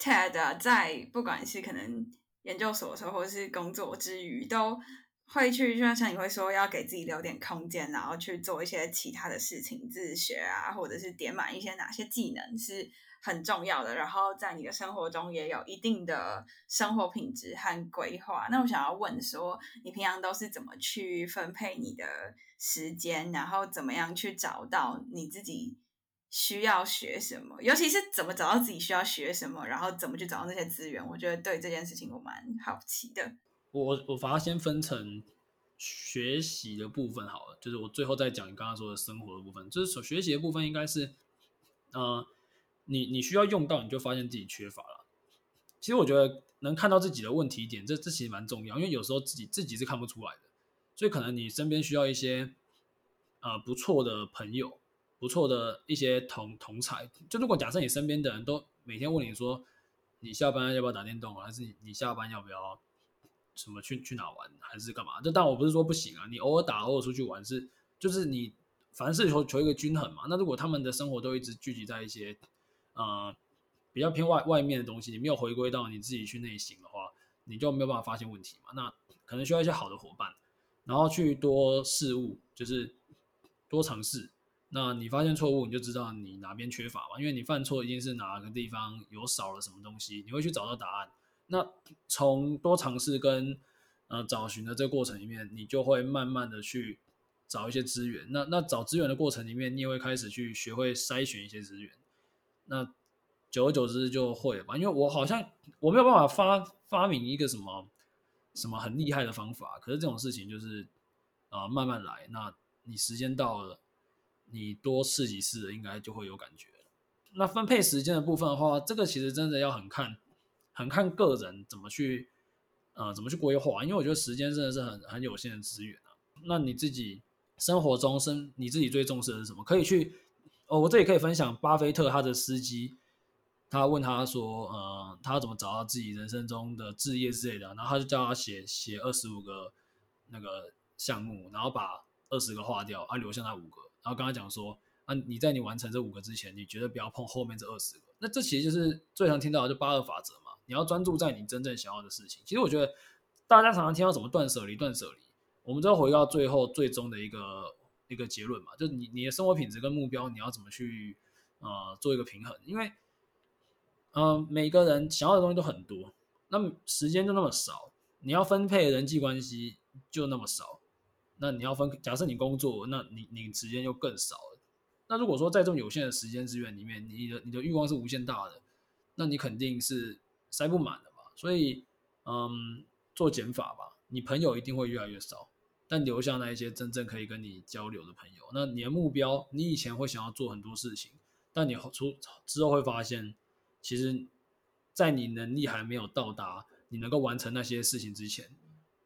TED、啊、在不管是可能研究所的時候，或者是工作之餘，都會去就像像你會說要給自己留點空間，然後去做一些其他的事情，自學啊，或者是點滿一些哪些技能是很重要的，然後在你的生活中也有一定的生活品質和規劃。那我想要問說，你平常都是怎麼去分配你的時間？然後怎麼樣去找到你自己需要學什麼？尤其是怎麼找到自己需要學什麼，然後怎麼去找到這些資源？我覺得對這件事情我蠻好奇的。我我把它先分成學習的部分好了，就是我最後再講你剛剛說的生活的部分。就是所學習的部分應該是，嗯、呃。你你需要用到，你就發現自己缺乏了。其實我覺得能看到自己的問題點，這這其實蠻重要，因為有時候自己自己是看不出來的。所以可能你身邊需要一些呃不錯的朋友，不錯的一些同同儕。就如果假設你身邊的人都每天問你說，你下班要不要打電動，還是你下班要不要什麼去去哪玩，還是幹嘛？就但我不是說不行啊，你偶爾打，偶爾出去玩是，就是你凡事求求一個均衡嘛。那如果他們的生活都一直聚集在一些。呃，比較偏外外面的東西，你沒有回歸到你自己去內心的話，你就沒有辦法發現問題嘛。那可能需要一些好的夥伴，然後去多試誤，就是多嘗試。那你發現錯誤，你就知道你哪邊缺乏嘛。因為你犯錯一定是哪個地方有少了什麼東西，你會去找到答案。那從多嘗試跟呃找尋的這個過程裡面，你就會慢慢的去找一些資源。那那找資源的過程裡面，你也會開始去學會篩選一些資源。那久而久之就會了吧，因為我好像我沒有辦法發發明一個什麼什麼很厲害的方法，可是這種事情，就是啊、呃、慢慢來。那你時間到了，你多試幾次，應該就會有感覺。那分配時間的部分的話，這個其實真的要很看很看個人怎麼去啊、呃、怎麼去規劃，因為我覺得時間真的是很很有限的資源啊。那你自己生活中生你自己最重視的是什麼？可以去。哦、我這裡可以分享巴菲特他的司機，他問他說，嗯、呃、他怎麼找到自己人生中的志業之類的，然後他就叫他寫寫二十五個那個項目，然後把二十個劃掉，他、啊、留下那五個，然後剛剛講說，啊，你在你完成這五個之前，你絕對不要碰後面這二十個。那這其實就是最常聽到的就八二法則嘛，你要專注在你真正想要的事情。其實我覺得大家常常聽到什麼斷捨離，斷捨離，我們要回到最後最終的一個。一個結論嘛，就是你你的生活品質跟目標，你要怎麼去呃做一個平衡？因為，嗯、呃，每個人想要的東西都很多，那麼時間就那麼少，你要分配的人際關係就那麼少，那你要分假設你工作，那你你時間又更少了。那如果說在這種有限的時間資源裡面，你的你的慾望是無限大的，那你肯定是塞不滿的嘛。所以，嗯、呃，做減法吧，你朋友一定會越來越少。但留下那一些真正可以跟你交流的朋友。那你的目標，你以前會想要做很多事情，但你出之後會發現，其實，在你能力還沒有到達你能夠完成那些事情之前，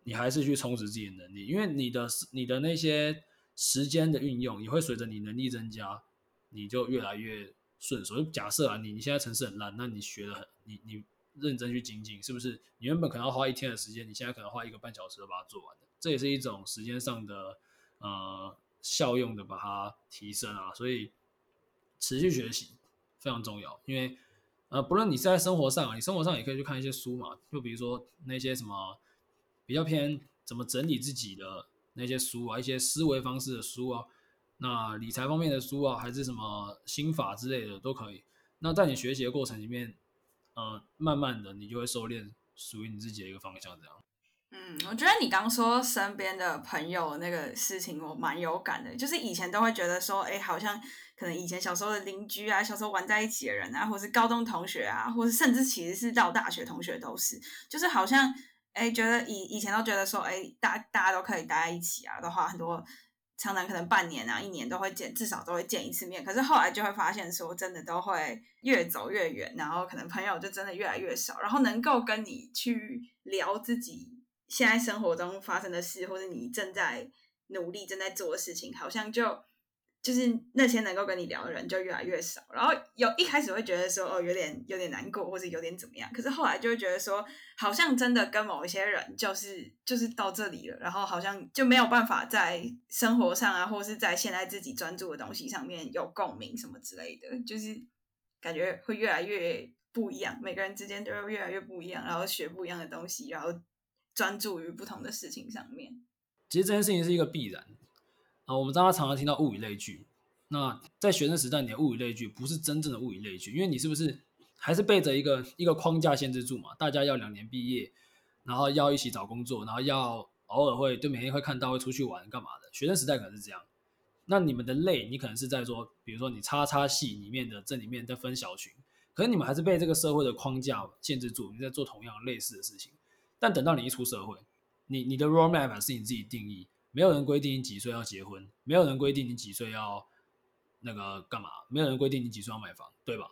你還是去充實自己的能力，因為你的你的那些時間的運用也會隨着你能力增加，你就越來越順手。嗯、假設啊，你你現在程式很爛，那你學得很你你。你認真去精進，是不是你原本可能要花一天的時間，你現在可能花一個半小時把它做完，這也是一種時間上的呃效用的把它提升啊。所以持續學習非常重要，因為呃，不論你在生活上啊，你生活上也可以去看一些書嘛。就比如說那些什麼比較偏怎麼整理自己的那些書啊，一些思維方式的書啊，那理財方面的書啊，還是什麼心法之類的都可以。那在你學習的過程裡面。嗯、呃，慢慢的你就會收斂屬於你自己的一個方向，這樣。嗯，我覺得你剛說身邊的朋友那個事情，我蠻有感的。就是以前都會覺得說，哎，好像可能以前小時候的鄰居啊，小時候玩在一起的人啊，或是高中同學啊，或是甚至其實是到大學同學都是，就是好像哎，覺得以以前都覺得說，哎，大大家都可以待在一起啊，的話很多。常常可能半年啊、一年都會見，至少都會見一次面。可是後來就會發現，說真的都會越走越遠，然後可能朋友就真的越來越少，然後能夠跟你去聊自己現在生活中發生的事，或者你正在努力正在做的事情，好像就。就是那些能夠跟你聊的人就越來越少，然後有一開始會覺得說哦，有點有點難過，或者有點怎麼樣。可是後來就會覺得說，好像真的跟某一些人就是就是到這裡了，然後好像就沒有辦法在生活上啊，或是在現在自己專注的東西上面有共鳴什麼之類的，就是感覺會越來越不一樣，每個人之間就會越來越不一樣，然後學不一樣的東西，然後專注於不同的事情上面。其實這件事情是一個必然。啊，我們知道常常聽到物以類聚。那在學生時代，你的物以類聚不是真正的物以類聚，因為你是不是還是背着一個一個框架限制住嘛？大家要兩年畢業，然後要一起找工作，然後要偶爾會對每天會看到會出去玩幹嘛的？學生時代可能是這樣。那你們的類，你可能是在說，比如說你叉叉系裡面的，這裡面的分小群，可是你們還是被這個社會的框架限制住，你在做同樣類似的事情。但等到你一出社會，你你的 roadmap 是你自己定義。沒有人規定你幾歲要結婚，沒有人規定你幾歲要那個幹嘛，沒有人規定你幾歲要買房，對吧？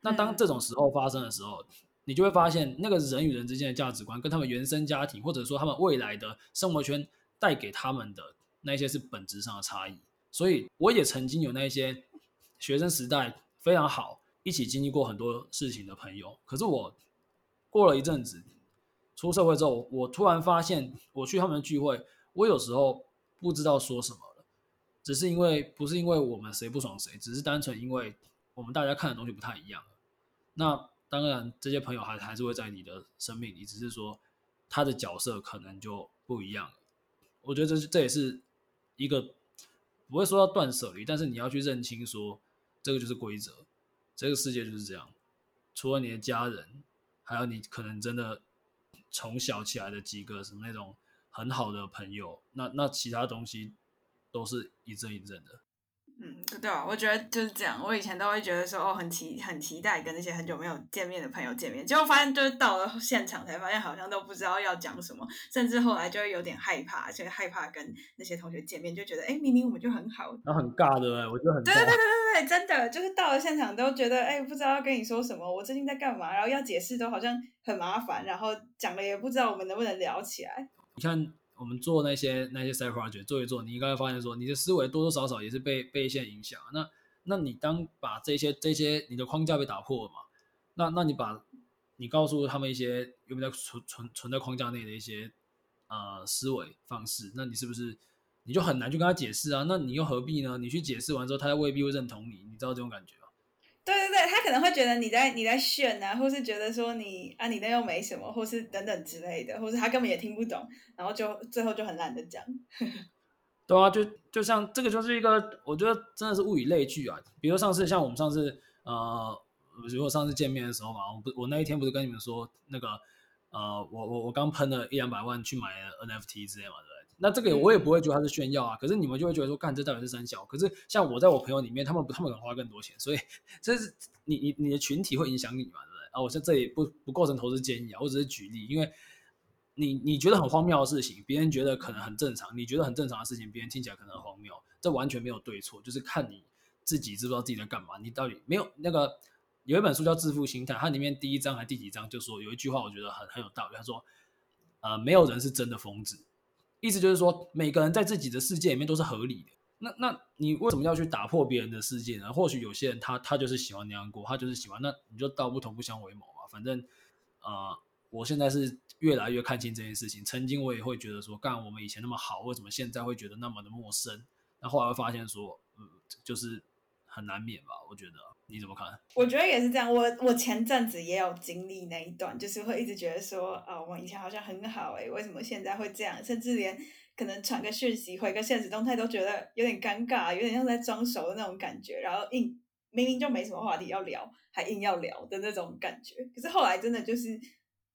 那當這種時候發生的時候，你就會發現那個人與人之間的價值觀，跟他們原生家庭或者說他們未來的生活圈帶給他們的那些是本質上的差異。所以我也曾經有那些學生時代非常好，一起經歷過很多事情的朋友，可是我過了一陣子出社會之後，我突然發現我去他們的聚會，我有時候不知道說什麼了，只是因為不是因為我們誰不爽誰，只是單純因為我們大家看的東西不太一樣。那當然，這些朋友還還是會在你的生命裡，只是說他的角色可能就不一樣了。我覺得這這也是一個不會說要斷捨離，但是你要去認清說，這個就是規則，這個世界就是這樣。除了你的家人，還有你可能真的從小起來的幾個什麼那種。很好的朋友，那那其他東西都是一陣一陣的。嗯，對啊，我覺得就是這樣。我以前都會覺得說，哦，很期很期待跟那些很久沒有見面的朋友見面，結果發現就是到了現場才發現，好像都不知道要講什麼，甚至後來就會有點害怕，就害怕跟那些同學見面，就覺得，哎，明明我們就很好，那很尬的、欸，我覺得很尬的，對對對對對，真的就是到了現場都覺得，哎，不知道要跟你說什麼，我最近在幹嘛，然後要解釋都好像很麻煩，然後講了也不知道我們能不能聊起來。你看，我們做那些那些 side project 做一做，你應該會發現說，你的思維多多少少也是被被一些影響。那那你當把這些這些你的框架被打破了嘛？那那你把你告訴他們一些有沒有存存存在框架內的一些啊、呃、思維方式？那你是不是你就很難去跟他解釋啊？那你又何必呢？你去解釋完之後，他未必會認同你，你知道這種感覺嗎？對對對，他可能會覺得你在你在炫啊，或是覺得說你啊，你那又沒什麼，或是等等之類的，或是他根本也聽不懂，然後就最後就很懶得講。 對啊，就就像這個就是一個，我覺得真的是物以類聚啊。比如上次像我們上次呃，比如說上次見面的時候嘛，我不我那一天不是跟你們說那個呃，我我我剛噴了一兩百萬去買 NFT 之類嘛。那這個我也不會覺得他是炫耀啊，可是你們就會覺得說，幹這到底是三小？可是像我在我朋友裡面，他們不，他們可能花更多錢，所以這是你你你的群體會影響你嘛，對不對？啊，我在這裡不不構成投資建議啊，我只是舉例，因為你你覺得很荒謬的事情，別人覺得可能很正常；你覺得很正常的事情，別人聽起來可能很荒謬，嗯、這完全沒有對錯，就是看你自己知不知道自己在幹嘛。你到底沒有那個有一本書叫《致富心態》，它裡面第一章還第幾章就說有一句話，我覺得很很有道理，他說：呃，沒有人是真的瘋子。意思就是說，每個人在自己的世界裡面都是合理的。那那你為什麼要去打破別人的世界呢？或許有些人他他就是喜歡那樣過，他就是喜歡，是喜歡，那你就道不同不相為謀嘛。反正，呃，我現在是越來越看清這件事情。曾經我也會覺得說，幹我們以前那麼好，為什麼現在會覺得那麼的陌生？那後來會發現說，嗯，就是。很難免吧？我覺得。你怎麼看？我覺得也是這樣。我我前陣子也有經歷那一段，就是會一直覺得說啊、哦，我以前好像很好哎、欸，為什麼現在會這樣？甚至連可能傳個訊息、回個限時動態都覺得有點尷尬，有點像在裝熟的那種感覺。然後硬明明就沒什麼話題要聊，還硬要聊的那種感覺。可是後來真的就是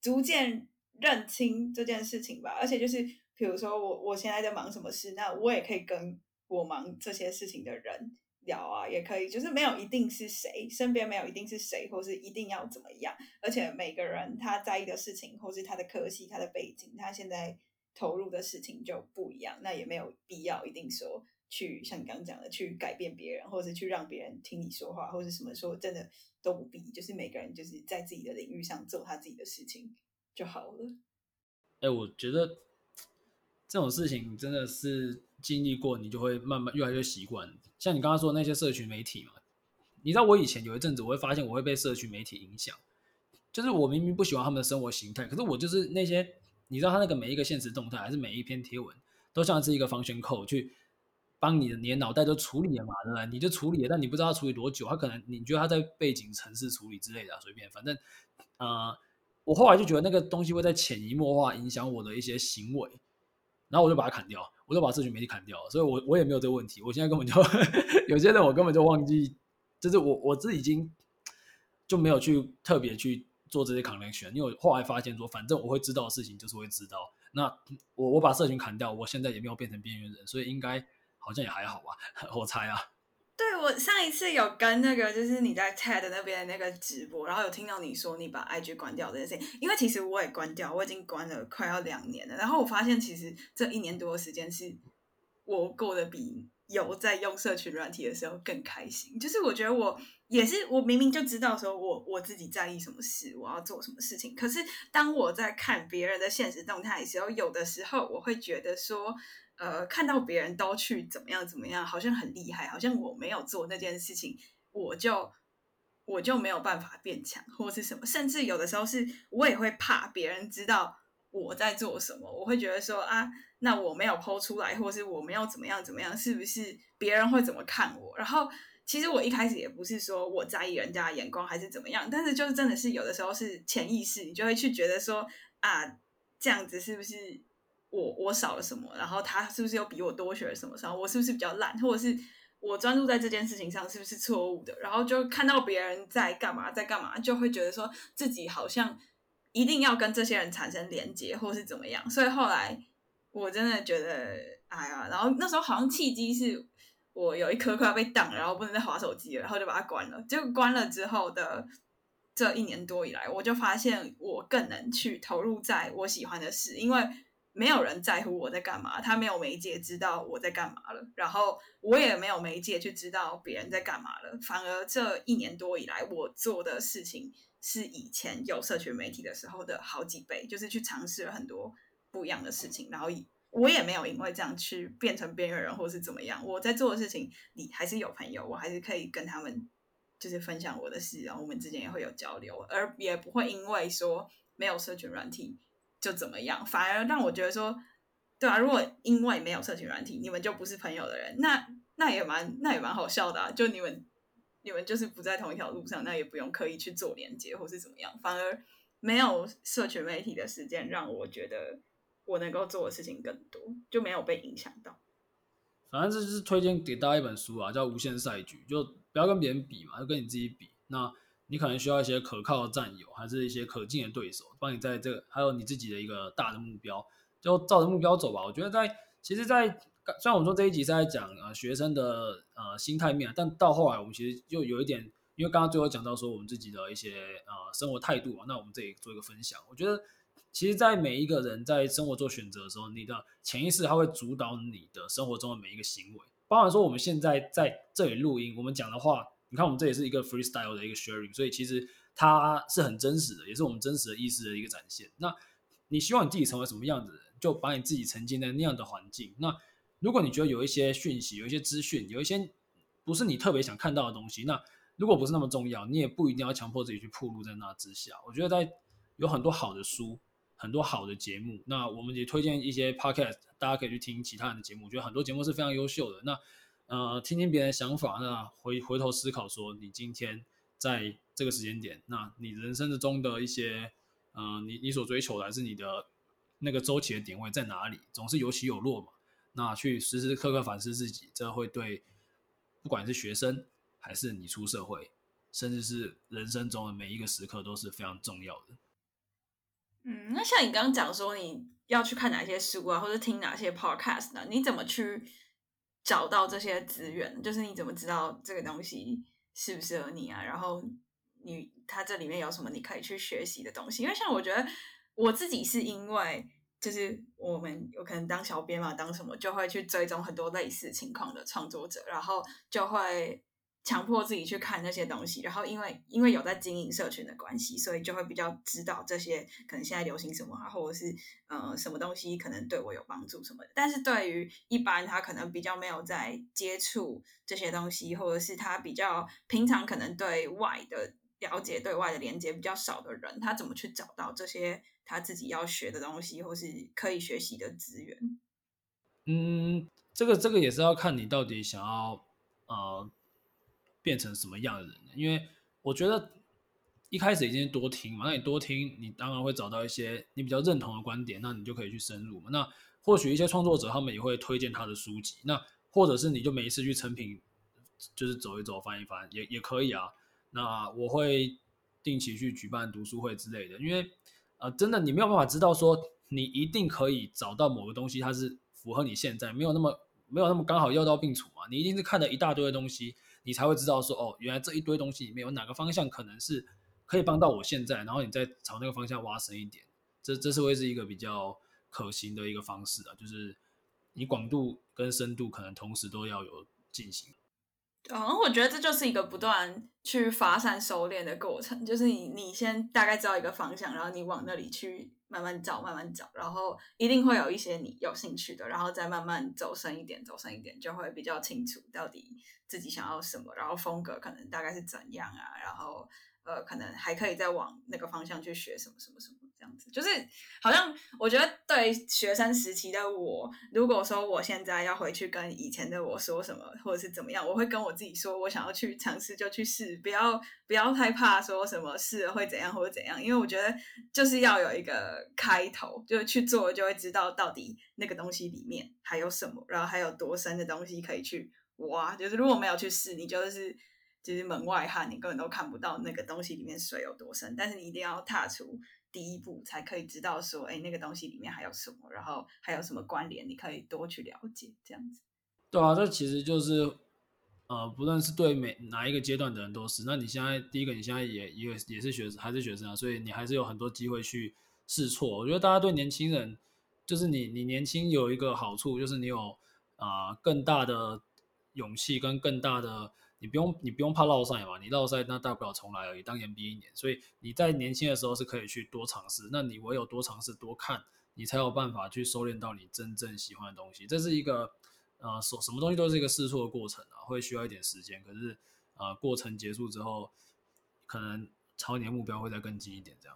逐漸認清這件事情吧。而且就是比如說我我現在在忙什麼事，那我也可以跟我忙這些事情的人。聊啊，也可以，就是沒有一定是誰，身邊沒有一定是誰，或是一定要怎麼樣。而且每個人他在意的事情，或是他的科系、他的背景，他現在投入的事情就不一樣。那也沒有必要一定說去像你剛剛講的去改變別人，或是去讓別人聽你說話，或是什麼說真的都不必。就是每個人就是在自己的領域上做他自己的事情就好了。哎、欸，我覺得這種事情真的是經歷過，你就會慢慢越來越習慣。像你剛剛說的那些社群媒體嘛，你知道我以前有一陣子我會發現我會被社群媒體影響，就是我明明不喜歡他們的生活形態，可是我就是那些你知道他那個每一個限時動態還是每一篇貼文，都像是一個 function code 去幫你的你的腦袋都處理了嘛對不對？你就處理了，但你不知道處理多久，他可能你覺得他在背景城市處理之類的、啊，隨便，反正、呃，啊我後來就覺得那個東西會在潛移默化影響我的一些行為，然後我就把它砍掉。我都把社群媒體砍掉，所以我我也沒有這個問題。我現在根本就 有些人我根本就忘記，就是我我自己已經就沒有去特別去做這些 connection。因為我後來發現說，反正我會知道的事情就是會知道。那我我把社群砍掉，我現在也沒有變成邊緣人，所以應該好像也還好吧，我猜啊。對我上一次有跟那個，就是你在 TED 那邊那個直播，然後有聽到你說你把 IG 關掉這件事情，因為其實我也關掉，我已經關了快要兩年了。然後我發現，其實這一年多的時間是我過得比有在用社群軟體的時候更開心。就是我覺得我也是，我明明就知道說我我自己在意什麼事，我要做什麼事情。可是當我在看別人的現實動態的時候，有的時候我會覺得說，呃，看到別人都去怎麼樣怎麼樣，好像很厲害，好像我沒有做那件事情，我就我就沒有辦法變強，或是什麼，甚至有的時候是，我也會怕別人知道我在做什麼，我會覺得說啊，那我沒有 PO 出來，或是我沒有怎麼樣怎麼樣，是不是別人會怎麼看我？然後其實我一開始也不是說我在意人家的眼光還是怎麼樣，但是就是真的是有的時候是潛意識，你就會去覺得說啊，這樣子是不是？我我少了什麼？然後他是不是又比我多學了什麼？然後我是不是比較懶，或者是我專注在這件事情上是不是錯誤的？然後就看到別人在幹嘛，在幹嘛，就會覺得說自己好像一定要跟這些人產生連結，或是怎麼樣。所以後來我真的覺得，哎呀，然後那時候好像契機是我有一科快要被當，然後不能再滑手機了，然後就把它關了。結果關了之後的這一年多以來，我就發現我更能去投入在我喜歡的事，因為沒有人在乎我在幹嘛，他沒有媒介知道我在幹嘛了，然後我也沒有媒介去知道別人在幹嘛了。反而這一年多以來，我做的事情是以前有社群媒體的時候的好幾倍，就是去嘗試了很多不一樣的事情。然後我也沒有因為這樣去變成邊緣人或是怎麼樣。我在做的事情，你還是有朋友，我還是可以跟他們就是分享我的事，然後我們之間也會有交流，而也不會因為說沒有社群軟體。就怎麼樣，反而讓我覺得說，對啊。如果因為沒有社群軟體，你們就不是朋友的人，那那也蠻那也蠻好笑的啊。就你們你們就是不在同一條路上，那也不用刻意去做連接或是怎麼樣。反而沒有社群媒體的時間，讓我覺得我能夠做的事情更多，就沒有被影響到。反正這就是推薦給大家一本書啊，叫《無限賽局》，就不要跟別人比嘛，就跟你自己比。那。你可能需要一些可靠的戰友，還是一些可敬的對手，幫你在這個、還有你自己的一個大的目標，就照着目標走吧。我覺得在其實在，在雖然我們說這一集是在講呃學生的呃心態面，但到後來我們其實又有一點，因為剛剛最後講到說我們自己的一些呃生活態度啊，那我們這裡做一個分享。我覺得其實在每一個人在生活做選擇的時候，你的潛意識它會主導你的生活中的每一個行為，包含說我們現在在這裡錄音，我們講的話。你看，我們這也是一個 freestyle 的一個 sharing，所以其實它是很真實的，也是我們真實的意思的一個展現。那你希望你自己成為什麼樣子的人，就把你自己沉浸在那樣的環境。那如果你覺得有一些訊息、有一些資訊、有一些不是你特別想看到的東西，那如果不是那麼重要，你也不一定要強迫自己去暴露在那之下。我覺得在有很多好的書、很多好的節目，那我們也推薦一些 podcast，大家可以去聽其他人的節目。我覺得很多節目是非常優秀的。那呃，聽聽別人的想法呢，那回回頭思考說，你今天在這個時間點，那你人生之中的一些，呃，你你所追求的還是你的那個週期的點位在哪裡？總是有起有落嘛，那去時時刻刻反思自己，這會對不管是學生還是你出社會，甚至是人生中的每一個時刻都是非常重要的。嗯，那像你剛剛講說你要去看哪些書啊，或者聽哪些 podcast 呢啊，你怎麼去找到這些資源，就是你怎麼知道這個東西適不適合你啊？然後你它這裡面有什麼你可以去學習的東西。因為像我覺得我自己是因為，就是我們有可能當小編嘛，當什麼就會去追蹤很多類似情況的創作者，然後就會。強迫自己去看那些東西，然後因為因為有在經營社群的關係，所以就會比較知道這些可能現在流行什麼啊，或者是呃什麼東西可能對我有幫助什麼的。但是對於一般他可能比較沒有在接觸這些東西，或者是他比較平常可能對外的了解、對外的連接比較少的人，他怎麼去找到這些他自己要學的東西，或是可以學習的資源？嗯，這個這個也是要看你到底想要呃。變成什麼樣的人呢？因為我覺得一開始已經多聽嘛，那你多聽，你當然會找到一些你比較認同的觀點，那你就可以去深入嘛。那或許一些創作者他們也會推薦他的書籍，那或者是你就每一次去誠品，就是走一走、翻一翻也也可以啊。那我會定期去舉辦讀書會之類的，因為呃，真的你沒有辦法知道說你一定可以找到某個東西，它是符合你現在沒有那麼沒有那麼剛好藥到病除嘛。你一定是看了一大堆的東西。你才會知道說哦，原來這一堆東西裡面有哪個方向可能是可以幫到我現在，然後你再朝那個方向挖深一點，這這是會是一個比較可行的一個方式的啊，就是你廣度跟深度可能同時都要有進行。啊，哦，我覺得這就是一個不斷去發散收斂的過程，就是你你先大概知道一個方向，然後你往那裡去。慢慢找，慢慢找，然後一定會有一些你有興趣的，然後再慢慢走深一點，走深一點，就會比較清楚到底自己想要什麼，然後風格可能大概是怎樣啊，然後呃，可能還可以再往那個方向去學什麼什麼什麼。就是，好像我覺得對學生時期的我，如果說我現在要回去跟以前的我說什麼，或者是怎麼樣，我會跟我自己說我想要去嘗試就去試，不要不要太怕說什麼試了會怎樣或者怎樣，因為我覺得就是要有一個開頭，就是去做就會知道到底那個東西裡面還有什麼，然後還有多深的東西可以去挖，就是如果沒有去試，你就是就是門外漢，你根本都看不到那個東西裡面水有多深，但是你一定要踏出，第一步才可以知道說，哎、欸，那個東西裡面還有什麼，然後還有什麼關聯，你可以多去了解這樣子。對啊，這其實就是，呃，不論是對每哪一個階段的人都是。那你現在第一個，你現在也也也是學生，還是學生啊，所以你還是有很多機會去試錯。我覺得大家對年輕人，就是你你年輕有一個好處，就是你有啊、呃、更大的勇氣跟更大的。你不用，你不用怕落賽嘛？你落賽，那大不了重來而已，當延畢一年。所以你在年輕的時候是可以去多嘗試。那你唯有多嘗試、多看，你才有辦法去收斂到你真正喜歡的東西。這是一個，呃，什什麼東西都是一個試錯的過程啊，會需要一點時間。可是，呃，過程結束之後，可能朝你的目標會再更近一點，這樣。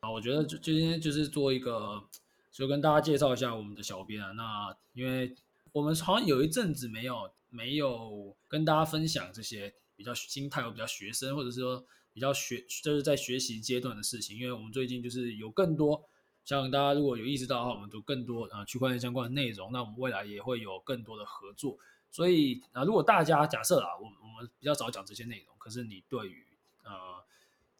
啊，我覺得就今天就是做一個，就跟大家介紹一下我們的小編啊。那因為我們好像有一陣子沒有。沒有跟大家分享這些比較心態，我比較學生，或者是說比較學，就是在學習階段的事情。因為我們最近就是有更多，像大家如果有意識到的話，我們讀更多呃，區塊鏈相關的內容，那我們未來也會有更多的合作。所以啊，呃，如果大家假設啊，我我們比較少講這些內容，可是你對於呃，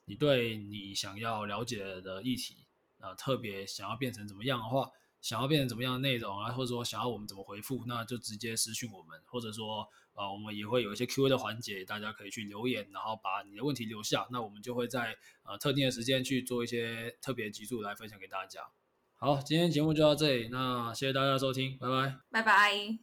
你對你想要了解的議題，呃，特別想要變成怎麼樣的話？想要變成怎麼樣的內容啊，或者說想要我們怎麼回復，那就直接私訊我們，或者說，呃，我們也會有一些 Q&A 的環節，大家可以去留言，然後把你的問題留下，那我們就會在呃特定的時間去做一些特別集數來分享給大家。好，今天節目就到這裡，那謝謝大家的收聽，拜拜，拜拜。